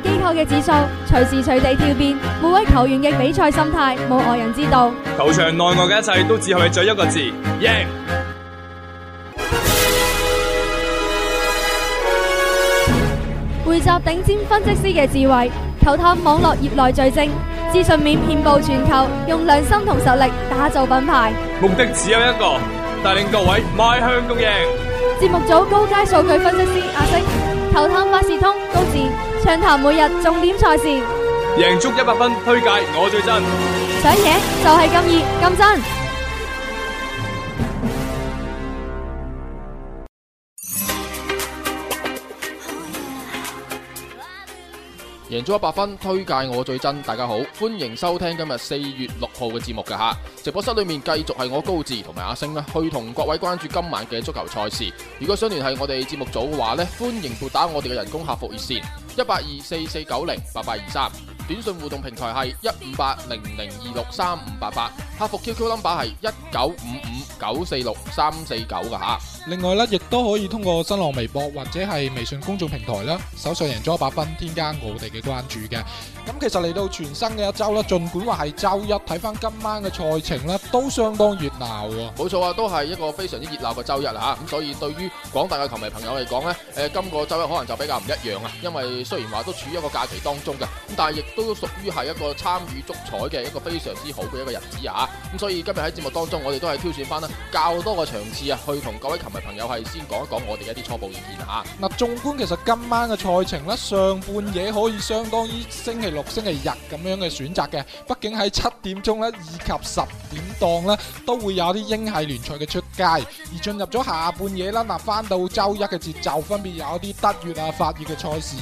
機構嘅指數隨時隨地跳變，每位球員嘅比賽心態冇外人知道。球場內外嘅一切都只係在一個字：贏。匯集頂尖分析師嘅智慧，球探網絡業內最精，資訊面遍布全球，用良心同實力打造品牌。目的只有一個，帶領各位邁向共贏。節目組高階數據分析師阿星。透探百事通，高智暢談每日重點賽事，贏足一百分，推介我最真，想贏就係咁易咁真。贏咗一百分，推介我最真。大家好，歡迎收聽今日四月六號嘅節目嘅吓。直播室裏面繼續係我高志同埋阿星啦，去同各位關注今晚嘅足球賽事。如果想聯繫我哋節目組嘅話呢，歡迎撥打我哋嘅人工客服熱線一八二四四九零八八二三，823，短信互動平台係一五八零零二六三五八八。客服 QQ number 係一九五五九四六三四九㗎吓，另外咧亦都可以通過新浪微博或者係微信公眾平台啦，搜索贏足一百 FUN，添加我哋嘅關注嘅。咁、嗯、其實嚟到全新嘅一周啦，盡管話係周一，睇翻今晚嘅賽程啦都相當熱鬧啊！冇錯啊，都係一個非常之熱鬧嘅周一啦吓，咁、啊、所以對於廣大嘅球迷朋友嚟講咧，誒、呃、今、這個周一可能就比較唔一樣啦，因為雖然話都處於一個假期當中嘅，咁但係亦都屬於係一個參與足彩嘅一個非常之好嘅一個日子啊！所以今日喺節目當中，我哋都係挑選翻啦較多嘅場次啊，去同各位球迷朋友係先講一講我哋嘅一啲初步意見啊。嗱，縱觀其實今晚嘅賽程呢，上半夜可以相當於星期六、星期日咁樣嘅選擇嘅，畢竟喺七點鐘呢，以及十點檔呢，都會有啲英系聯賽嘅出街，而進入咗下半夜啦，嗱，翻到周一嘅節奏，分別有啲德乙啊、法乙嘅賽事。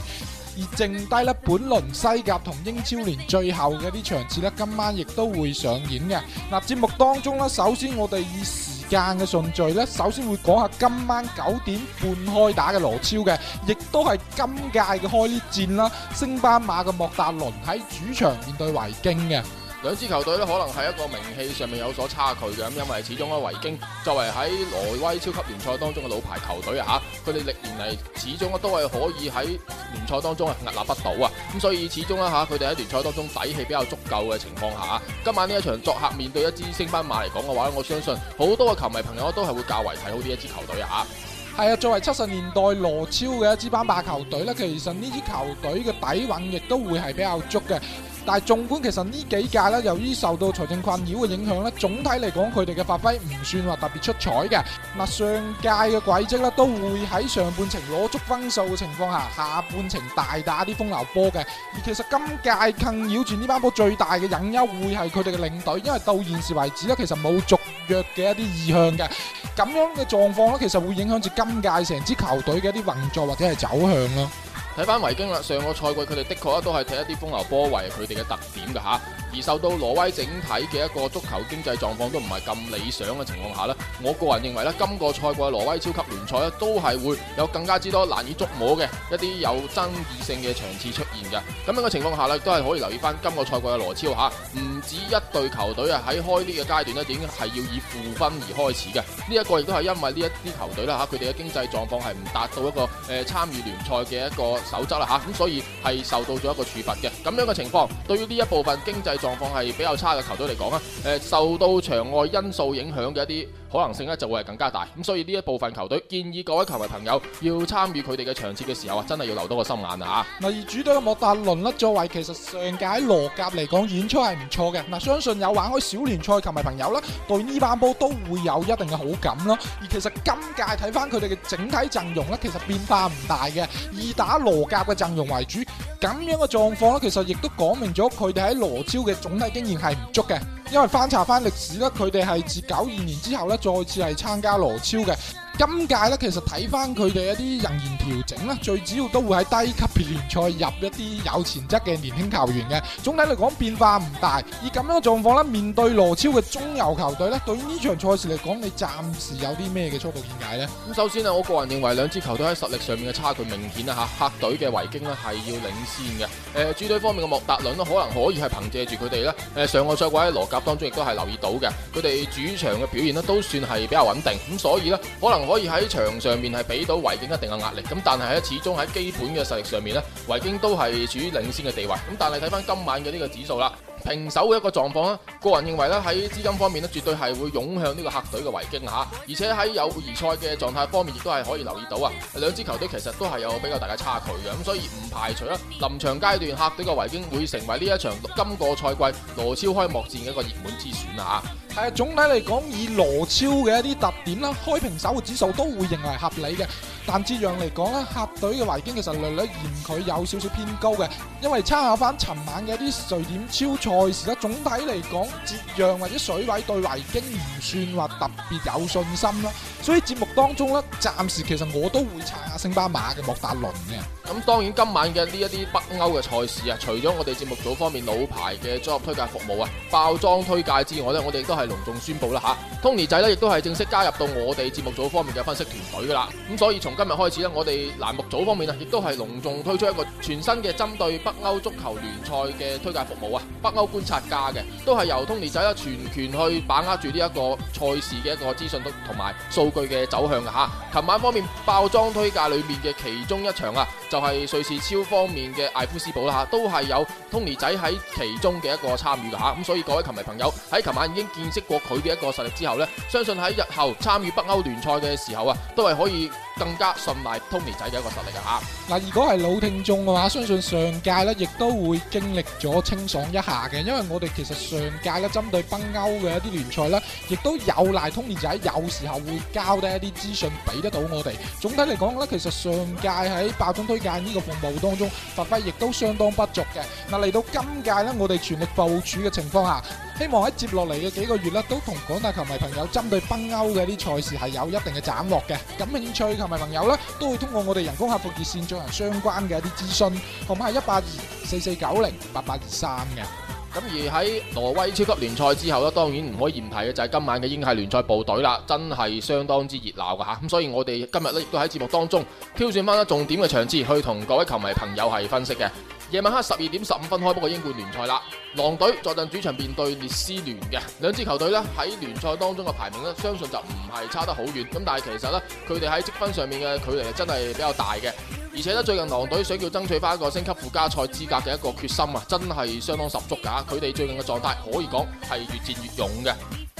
而剩低咧，本輪西甲同英超聯最後嘅啲場次咧，今晚亦都會上演嘅。嗱，節目當中咧，首先我哋以時間嘅順序咧，首先會講下今晚九點半開打嘅羅超嘅，亦都係今屆嘅開啲戰啦。升班馬嘅莫達倫喺主場面對維京嘅。兩支球隊咧，可能係一個名氣上面有所差距嘅，咁因為始終咧，維京作為喺挪威超級聯賽當中嘅老牌球隊吓，佢哋歷年嚟始終都係可以喺聯賽當中屹立不倒啊，咁所以始終咧吓，佢哋喺聯賽當中底氣比較足夠嘅情況下，今晚呢一場作客面對一支升班馬嚟講嘅話，我相信好多嘅球迷朋友都係會較為睇好呢一支球隊啊。係啊，作為七十年代羅超嘅一支班霸球隊咧，其實呢支球隊嘅底蘊亦都會係比較足嘅。但係縱觀其實呢幾屆咧，由於受到財政困擾嘅影響咧，總體嚟講佢哋嘅發揮唔算話特別出彩嘅。嗱，上屆嘅軌跡咧，都會喺上半程攞足分數嘅情況下，下半程大打啲風流波嘅。而其實今屆困擾住呢班波最大嘅隱憂，會係佢哋嘅領隊，因為到現時為止咧，其實冇續約嘅一啲意向嘅。咁樣嘅狀況咧，其實會影響住今屆成支球隊嘅一啲運作或者係走向咯。睇翻維京啦，上個賽季佢哋的確啊都係睇一啲風流波為佢哋嘅特點㗎吓。而受到挪威整體嘅一個足球經濟狀況都唔係咁理想嘅情況下咧，我個人認為咧，今個賽季嘅挪威超級聯賽咧，都係會有更加之多難以捉摸嘅一啲有爭議性嘅場次出現嘅。咁樣嘅情況下咧，都係可以留意翻今個賽季嘅挪超吓，唔止一隊球隊啊，喺開呢個階段咧，已經係要以負分而開始嘅。呢一個亦都係因為呢一啲球隊啦吓，佢哋嘅經濟狀況係唔達到一個誒、呃、參與聯賽嘅一個守則啦吓，咁、啊、所以係受到咗一個處罰嘅。咁樣嘅情況，對於呢一部分經濟狀況係比較差嘅球隊嚟講呢誒，受到場外因素影響嘅一啲可能性呢就會係更加大。咁所以呢一部分球隊建議各位球迷朋友要參與佢哋嘅場次嘅時候啊，真係要留多個心眼啊！嗱，而主隊嘅莫達倫啦，作為其實上屆羅甲嚟講演出係唔錯嘅，嗱，相信有玩開小聯賽球迷朋友啦，對呢班波都會有一定嘅好感囉。而其實今屆睇翻佢哋嘅整體陣容咧，其實變化唔大嘅，以打羅甲嘅陣容為主。咁樣嘅狀況呢，其實亦都講明咗佢哋喺羅超嘅總體經驗係唔足嘅，因為翻查返歷史咧，佢哋係自九二年之後再次係參加羅超嘅。今屆咧，其實睇翻佢哋一啲人員調整咧，最主要都會喺低級別聯賽入一啲有潛質嘅年輕球員嘅。總體嚟講變化唔大。以咁樣嘅狀況咧，面對羅超嘅中游球隊咧，對於呢場賽事嚟講，你暫時有啲咩嘅初步見解咧？咁首先啊，我個人認為兩支球隊喺實力上面嘅差距明顯啦吓，客隊嘅維京咧係要領先嘅。誒、呃，主隊方面嘅莫達倫咧可能可以係憑借住佢哋咧，誒、呃、上個賽季喺羅甲當中亦都係留意到嘅，佢哋主場嘅表現咧都算係比較穩定。咁所以咧可能。可以喺場上面係俾到維京一定嘅壓力，咁但係咧始終喺基本嘅實力上面咧，維京都係處於領先嘅地位。咁但係睇翻今晚嘅呢個指數啦，平手嘅一個狀況啦，個人認為咧喺資金方面咧，絕對係會湧向呢個客隊嘅維京吓，而且喺友誼賽嘅狀態方面亦都係可以留意到啊。兩支球隊其實都係有比較大嘅差距嘅，咁所以唔排除啦，臨場階段客隊嘅維京會成為呢一場今個賽季羅超開幕戰嘅一個熱門之選啊。吓，係啊，總體嚟講以羅超嘅一啲特點啦，開平手。數都會認為合理嘅。但揭讓嚟講咧，客隊嘅維京其實略略嫌佢有少少偏高嘅，因為參考翻尋晚嘅一啲瑞典超賽事啦，總體嚟講揭讓或者水位對維京唔算話特別有信心啦。所以節目當中咧，暫時其實我都會查下星巴馬嘅莫達倫嘅。咁當然今晚嘅呢一啲北歐嘅賽事啊，除咗我哋節目組方面老牌嘅綜合推介服務啊，包裝推介之外咧，我哋亦都係隆重宣布啦吓，Tony 仔咧亦都係正式加入到我哋節目組方面嘅分析團隊噶啦。咁所以從從今日開始啦，我哋欄目組方面啊，亦都係隆重推出一個全新嘅針對北歐足球聯賽嘅推介服務啊。北歐觀察家嘅，都係由 Tony 仔全權去把握住呢一個賽事嘅一個資訊同埋數據嘅走向噶吓。琴晚方面爆莊推介裏面嘅其中一場啊，就係瑞士超方面嘅艾夫斯堡啦吓，都係有 Tony 仔喺其中嘅一個參與噶吓。咁所以各位球迷朋友喺琴晚已經見識過佢嘅一個實力之後咧，相信喺日後參與北歐聯賽嘅時候啊，都係可以，更加信賴 Tony 仔嘅一個實力嘅吓。嗱，如果係老聽眾嘅話，相信上屆咧亦都會經歷咗清爽一下嘅，因為我哋其實上屆咧針對北歐嘅一啲聯賽咧，亦都有賴 Tony 仔，有時候會交低一啲資訊俾得到我哋。總體嚟講咧，其實上屆喺爆中推介呢個服務當中發揮亦都相當不俗嘅。嗱，嚟到今屆咧，我哋全力部署嘅情況下，希望喺接落嚟嘅幾個月咧，都同廣大球迷朋友針對北歐嘅啲賽事係有一定嘅斬獲嘅。感興趣球迷朋友咧，都會通過我哋人工客服熱線進行相關嘅一啲諮詢，號碼係一八二四四九零八八二三嘅。咁而喺挪威超級聯賽之後呢，當然唔可以唔提嘅就係今晚嘅英系聯賽部隊啦，真係相當之熱鬧㗎。吓。咁所以我哋今日咧亦都喺節目當中挑選翻一重點嘅場次去同各位球迷朋友係分析嘅。夜晚黑十二點十五分開波嘅英冠聯賽啦，狼隊坐陣主場面對列斯聯嘅兩支球隊呢，喺聯賽當中嘅排名呢，相信就唔係差得好遠。咁但係其實呢，佢哋喺積分上面嘅距離真係比較大嘅。而且呢，最近狼隊想要爭取翻一個升級附加賽資格嘅一個決心啊，真係相當十足噶。佢哋最近嘅狀態可以講係越戰越勇嘅。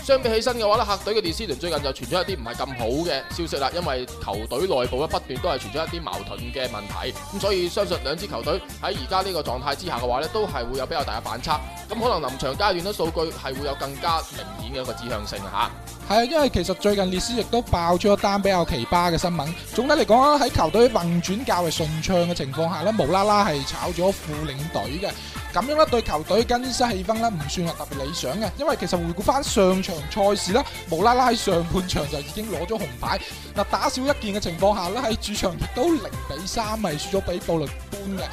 相比起身嘅話呢，客隊嘅列斯聯最近就傳出一啲唔係咁好嘅消息啦，因為球隊內部不斷都係傳出一啲矛盾嘅問題。咁所以相信兩支球隊喺而家呢個狀態之下嘅話呢，都係會有比較大嘅反差。咁可能臨場階段嘅數據係會有更加明顯嘅一個指向性吓。係啊，因為其實最近列斯亦都爆出一單比較奇葩嘅新聞。總體嚟講，喺球隊運轉較為順暢嘅情況下咧，無啦啦係炒咗副領隊嘅，咁樣咧對球隊更衣室氣氛咧唔算係特別理想嘅。因為其實回顧翻上場賽事咧，無啦啦喺上半場就已經攞咗紅牌，嗱打少一件嘅情況下咧，喺主場亦都零比三係輸咗俾布力般嘅。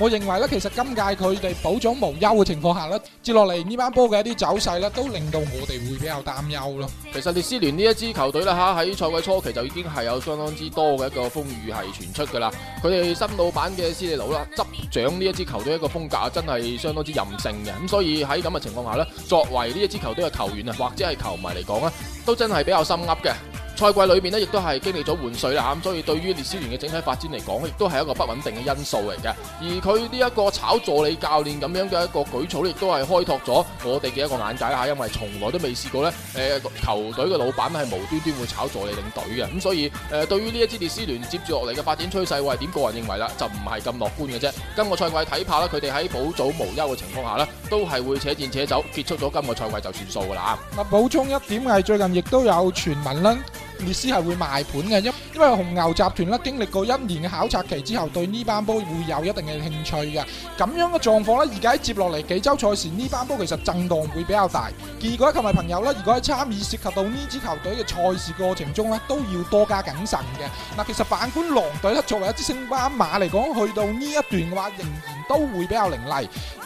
我認為咧，其實今屆佢哋保獎無憂嘅情況下咧，接落嚟呢班波嘅一啲走勢咧，都令到我哋會比較擔憂咯。其實列斯聯呢一支球隊啦，吓喺賽季初期就已經係有相當之多嘅一個風雨係傳出噶啦。佢哋新老闆嘅斯利奴啦執掌呢一支球隊一個風格，真係相當之任性嘅。咁所以喺咁嘅情況下咧，作為呢一支球隊嘅球員啊，或者係球迷嚟講啊，都真係比較心噏嘅。賽季裏面呢，亦都係經歷咗換水帥啦，咁所以對於列斯聯嘅整體發展嚟講，亦都係一個不穩定嘅因素嚟嘅。而佢呢一個炒助理教練咁樣嘅一個舉措亦都係開拓咗我哋嘅一個眼界嚇，因為從來都未試過呢，誒球隊嘅老闆係無端端會炒助理領隊嘅。咁所以誒，對於呢一支列斯聯接住落嚟嘅發展趨勢，我係點個人認為啦，就唔係咁樂觀嘅啫。今個賽季睇怕啦，佢哋喺保組無憂嘅情況下呢，都係會且戰且走，結束咗今個賽季就算數噶啦。嗱，補充一點係最近亦都有傳聞啦。列斯係會賣盤嘅，因因為紅牛集團咧經歷過一年嘅考察期之後，對呢班波會有一定嘅興趣嘅。咁樣嘅狀況咧，而家接落嚟幾周賽事呢班波其實震盪會比較大。結果球迷朋友咧，如果係參與涉及到呢支球隊嘅賽事過程中咧，都要多加謹慎嘅。嗱，其實反觀狼隊咧，作為一支升班馬嚟講，去到呢一段嘅話，仍然都會比較凌厲。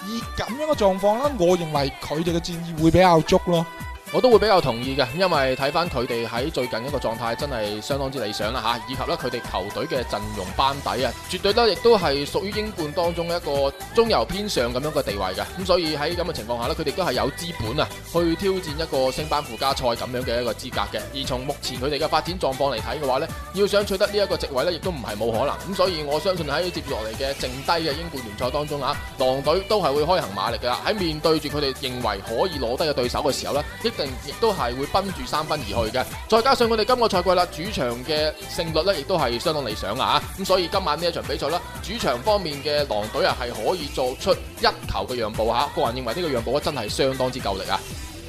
以咁樣嘅狀況咧，我認為佢哋嘅戰意會比較足咯。我都會比較同意嘅，因為睇翻佢哋喺最近一個狀態真係相當之理想啦嚇，以及咧佢哋球隊嘅陣容班底啊，絕對咧亦都係屬於英冠當中一個中游偏上咁樣嘅地位嘅。咁所以喺咁嘅情況下呢，佢哋都係有資本啊，去挑戰一個升班附加賽咁樣嘅一個資格嘅。而從目前佢哋嘅發展狀況嚟睇嘅話呢，要想取得呢一個席位呢，亦都唔係冇可能。咁所以我相信喺接住落嚟嘅剩低嘅英冠聯賽當中啊，狼隊都係會開行馬力嘅啦。喺面對住佢哋認為可以攞得嘅對手嘅時候呢，一，亦都係會奔住三分而去嘅，再加上我哋今個賽季啦主場嘅勝率呢，亦都係相當理想啊！咁所以今晚呢一場比賽啦，主場方面嘅狼隊啊，係可以做出一球嘅讓步吓，個人認為呢個讓步咧真係相當之夠力啊！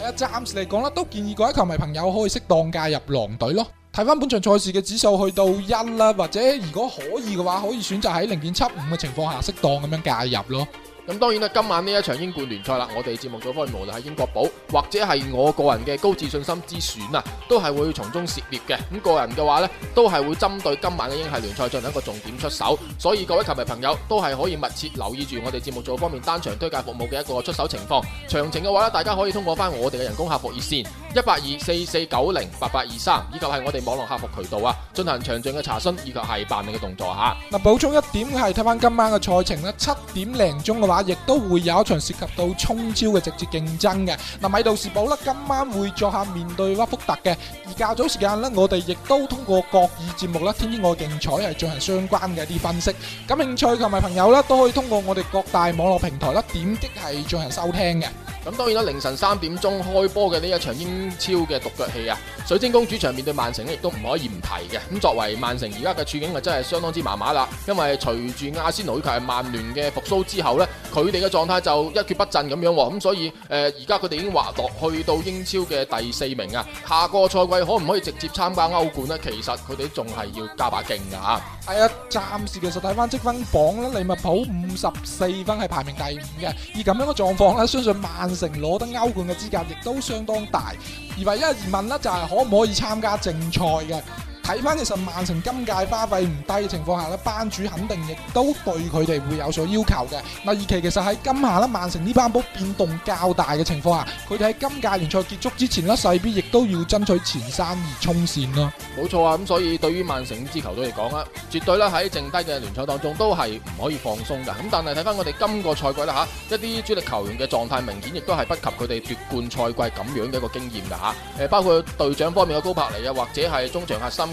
係啊，暫時嚟講啦，都建議各位球迷朋友可以適當介入狼隊咯。睇返本場賽事嘅指數去到一啦，或者如果可以嘅話，可以選擇喺零點七五嘅情況下適當咁樣介入咯。咁當然啦，今晚呢一場英冠聯賽啦，我哋節目組方面無論係英國寶或者係我個人嘅高自信心之選啊，都係會從中涉獵嘅。咁個人嘅話呢，都係會針對今晚嘅英系聯賽進行一個重點出手。所以各位球迷朋友都係可以密切留意住我哋節目組方面單場推介服務嘅一個出手情況。詳情嘅話呢，大家可以通過翻我哋嘅人工客服熱線一八二四四九零八八二三，以及係我哋網絡客服渠道啊，進行詳盡嘅查詢以及係辦理嘅動作嚇。嗱，補充一點係睇翻今晚嘅賽程啦，七點零鐘嘅話。話亦都會有一場涉及到衝超嘅直接競爭嘅。嗱，米杜士堡咧今晚會作客面對屈福特嘅。而較早時間咧，我哋亦都通過各以節目啦，天天愛競彩係進行相關嘅一啲分析。感興趣球迷朋友咧都可以通過我哋各大網絡平台啦，點擊係進行收聽嘅。咁當然啦，凌晨三點鐘開波嘅呢一場英超嘅獨腳戲啊，水晶宮主場面對曼城呢亦都唔可以唔提嘅。咁作為曼城而家嘅處境，係真係相當之麻麻啦。因為隨住亞仙奴及曼聯嘅復甦之後呢，佢哋嘅狀態就一蹶不振咁樣喎。咁所以誒，而家佢哋已經滑落去到英超嘅第四名啊。下個賽季可唔可以直接參加歐冠呢？其實佢哋仲係要加把勁㗎嚇。係、哎、啊，暫時其實睇翻積分榜呢，利物浦五十四分係排名第五嘅。以咁樣嘅狀況咧，相信曼成攞得歐冠嘅資格，亦都相當大，而唯一疑問咧就係可唔可以參加正賽嘅。睇翻其實曼城今屆花費唔低嘅情況下呢，班主肯定亦都對佢哋會有所要求嘅。嗱,而其實喺今下呢，曼城呢班波變動較大嘅情況下，佢哋喺今屆聯賽結束之前呢，勢必亦都要爭取前三而衝線啦。冇錯啊，咁所以對於曼城支球隊嚟講咧，絕對咧喺剩低嘅聯賽當中都係唔可以放鬆噶。咁但係睇翻我哋今個賽季咧吓，一啲主力球員嘅狀態明顯亦都係不及佢哋奪冠賽季咁樣嘅一個經驗噶吓。誒，包括隊長方面嘅高柏尼啊，或者係中場阿森。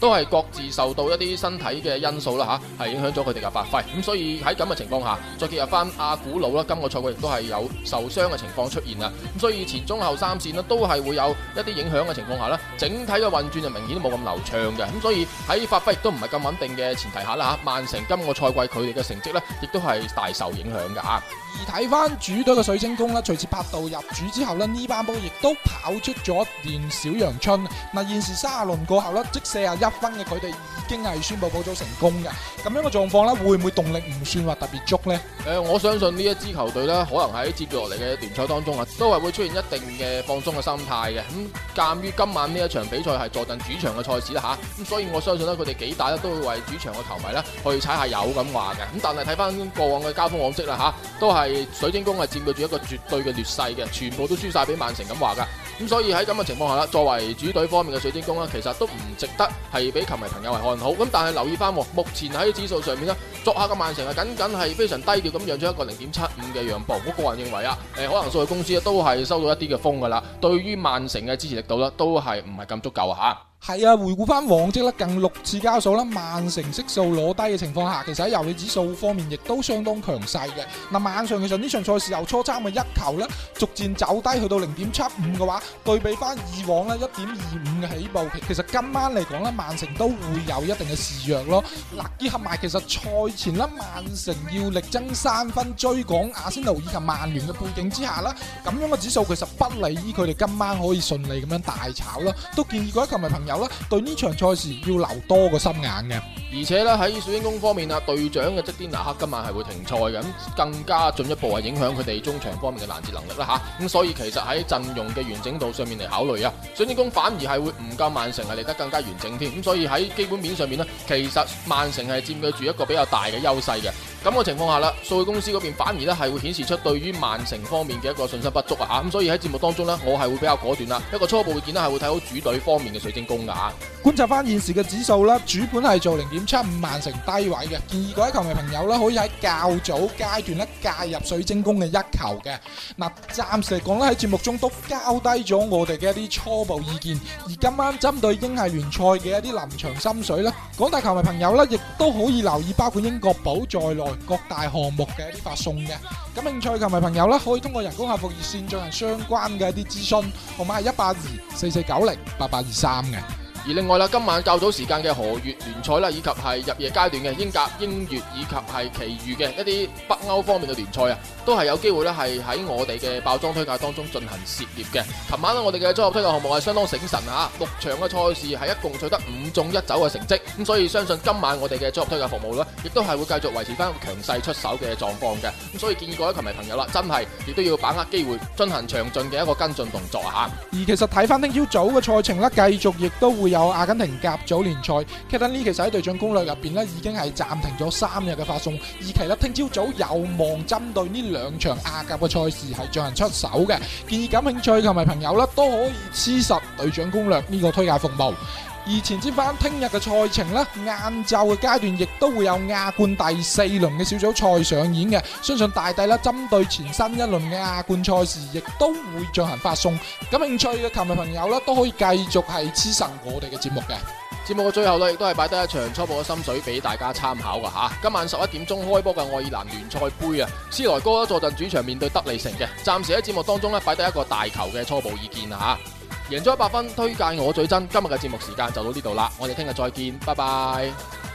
都係各自受到一啲身體嘅因素啦嚇，係、啊、影響咗佢哋嘅發揮。咁所以喺咁嘅情況下，再結合翻阿古路啦，今個賽季亦都係有受傷嘅情況出現啊。咁所以前中後三線呢，都係會有一啲影響嘅情況下呢，整體嘅運轉就明顯都冇咁流暢嘅。咁所以喺發揮亦都唔係咁穩定嘅前提下啦嚇，曼、啊、城今個賽季佢哋嘅成績呢，亦都係大受影響嘅啊。而睇翻主隊嘅水晶宮啦，隨住柏杜入主之後呢，呢班波亦都跑出咗段小陽春。嗱，現時卅輪過後咧，即四啊一。一分嘅佢哋已經係宣布補組成功嘅。咁樣嘅狀況呢，會唔會動力唔算話特別足呢？誒，我相信呢一支球隊呢，可能喺接住落嚟嘅聯賽當中啊，都係會出現一定嘅放鬆嘅心態嘅。咁鑑於今晚呢一場比賽係坐陣主場嘅賽事啦吓，咁所以我相信呢，佢哋幾大咧都會為主場嘅球迷呢去踩下油咁話嘅。咁但係睇翻過往嘅交鋒往績啦吓，都係水晶宮係佔據住一個絕對嘅劣勢嘅，全部都輸晒俾曼城咁話噶。咁、嗯、所以喺咁嘅情況下，作為主隊方面嘅水晶宮其實都唔值得係俾球迷朋友係看好。但係留意翻，目前喺指數上面作客嘅曼城啊，僅僅係非常低調咁讓出一個零點七五嘅讓步。我個人認為啊、呃，可能數據公司都係收到一啲嘅風㗎啦，對於曼城嘅支持力度咧都係唔係咁足夠係啊，回顧翻往績啦，近六次交數啦，曼城悉數攞低嘅情況下，其實喺遊戲指數方面亦都相當強勢嘅。嗱、啊，晚上其實呢場賽事由初三嘅一球呢，逐漸走低去到零點七五嘅話，對比翻以往呢一點二五嘅起步，其實今晚嚟講啦，曼城都會有一定嘅示弱咯。嗱、啊，結合埋其實賽前啦，曼城要力爭三分追趕阿仙奴以及曼聯嘅背景之下呢，咁樣嘅指數其實不利於佢哋今晚可以順利咁樣大炒啦。都建議各位球迷朋。有啦，對呢場賽事要留多個心眼嘅。而且咧喺水晶宮方面啊，隊長嘅即天拿克今晚係會停賽嘅，咁更加進一步係影響佢哋中場方面嘅攔截能力啦吓。咁、啊、所以其實喺陣容嘅完整度上面嚟考慮啊，水晶宮反而係會唔夠曼城係嚟得更加完整添。咁所以喺基本面上面咧，其實曼城係佔據住一個比較大嘅優勢嘅。咁嘅情況下啦，數據公司嗰邊反而咧係會顯示出對於曼城方面嘅一個信心不足啊，嚇咁所以喺節目當中咧，我係會比較果斷啦，一個初步意見咧係會睇好主隊方面嘅水晶宮啊。觀察翻現時嘅指數啦，主盤係做零點七五曼城低位嘅，建議各位球迷朋友咧可以喺較早階段咧介入水晶宮嘅一球嘅。嗱，暫時嚟講咧喺節目中都交低咗我哋嘅一啲初步意見，而今晚針對英系聯賽嘅一啲臨場心水咧，廣大球迷朋友咧亦都可以留意，包括英國堡在內。各大項目嘅一啲發送嘅，感興趣嘅朋友啦，可以通過人工客服熱線進行相關嘅一啲諮詢，號碼係一八二四四九零八八二三嘅。而另外啦，今晚較早時間嘅荷乙聯賽啦，以及係入夜階段嘅英格英越、英乙以及係其餘嘅一啲北歐方面嘅聯賽啊，都係有機會咧係喺我哋嘅爆裝推介當中進行涉獵嘅。琴晚啦，我哋嘅綜合推介項目係相當醒神吓，六場嘅賽事係一共取得五中一走嘅成績，咁所以相信今晚我哋嘅綜合推介服務咧，亦都係會繼續維持翻強勢出手嘅狀況嘅。咁所以建議各位球迷朋友啦，真係亦都要把握機會進行詳盡嘅一個跟進動作吓，而其實睇翻聽朝早嘅賽程咧，繼續亦都會有。有阿根廷甲組聯賽，其實呢期《首席隊長攻略》入邊咧已經係暫停咗三日嘅發送，而期咧聽朝早有望針對呢兩場亞甲嘅賽事係進行出手嘅，建議感興趣同埋朋友咧都可以黐實《隊長攻略》呢個推介服務。而前瞻翻聽日嘅賽程咧，晏晝嘅階段亦都會有亞冠第四輪嘅小組賽上演嘅。相信大帝啦，針對全新一輪嘅亞冠賽事，亦都會進行發送。感興趣嘅球迷朋友啦，都可以繼續係支持我哋嘅節目嘅。節目嘅最後咧，亦都係擺低一場初步嘅心水俾大家參考噶吓、啊。今晚十一點鐘開波嘅愛爾蘭聯賽杯啊，斯萊戈坐陣主場面對德利城嘅。暫時喺節目當中咧，擺低一個大球嘅初步意見吓。啊贏咗一百分，推介我最真。今日嘅節目時間就到呢度啦，我哋聽日再見，拜拜。